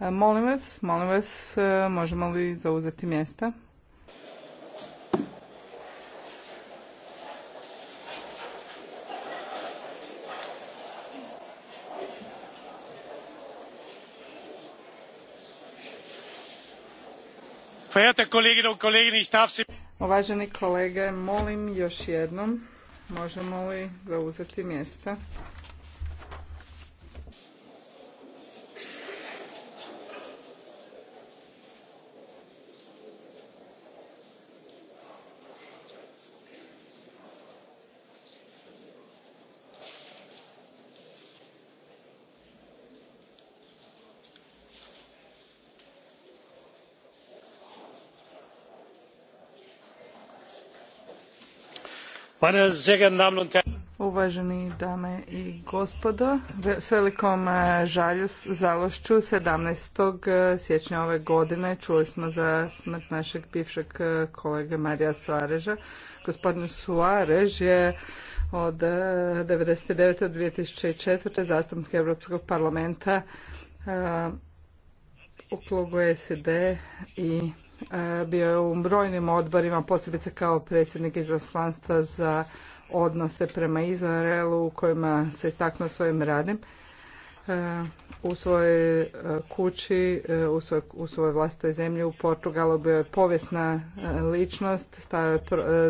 E, molim vas, molim vas, e, možemo li zauzeti mjesta? Uvaženi kolege, molim još jednom, možemo li zauzeti mjesta? Uvaženi dame i gospodo, s velikom e, žalju, zalošću 17. E, siječnja ove godine čuli smo za smrt našeg bivšeg e, kolege Marija Suareža. Gospodin Suarež je od 1999. do 2004. zastupnik Europskog parlamenta u klubu SED i E, bio je u brojnim odborima, posebice kao predsjednik izaslanstva za odnose prema Izraelu u kojima se istaknuo svojim radim e, u svojoj e, kući, u svojoj, u vlastitoj zemlji u Portugalu bio je povijesna ličnost, stavio,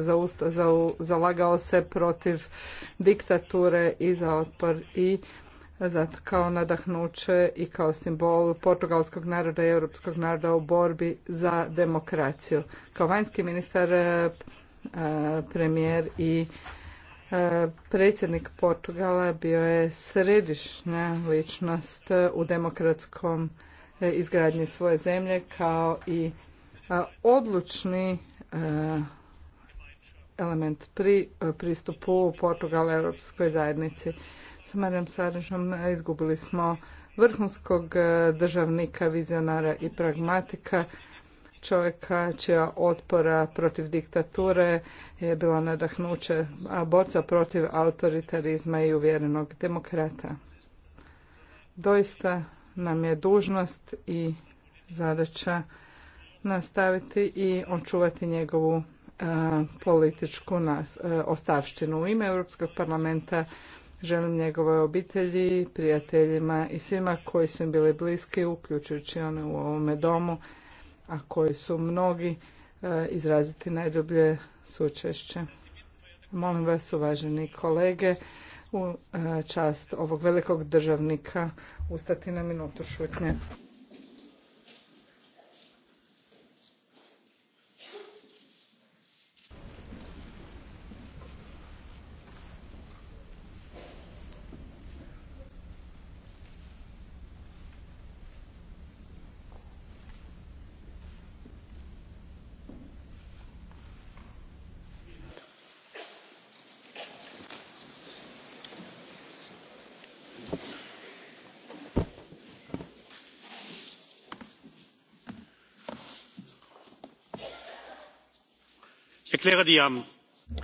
za usta, za, zalagao se protiv diktature i za otpor i kao nadahnuće i kao simbol portugalskog naroda i europskog naroda u borbi za demokraciju. Kao vanjski ministar, e, e, premijer i e, predsjednik Portugala bio je središnja ličnost u demokratskom izgradnji svoje zemlje kao i odlučni element pri e, pristupu Portugala Europskoj zajednici. Sa Marijom Sarežom. E, izgubili smo vrhunskog e, državnika, vizionara i pragmatika, čovjeka čija otpora protiv diktature je bila nadahnuće, a borca protiv autoritarizma i uvjerenog demokrata. Doista nam je dužnost i zadaća nastaviti i očuvati njegovu E, političku nas, e, ostavštinu. U ime Europskog parlamenta želim njegove obitelji, prijateljima i svima koji su im bili bliski, uključujući one u ovome domu, a koji su mnogi e, izraziti najdublje sučešće. Molim vas, uvaženi kolege, u čast ovog velikog državnika ustati na minutu šutnje. erkläre die.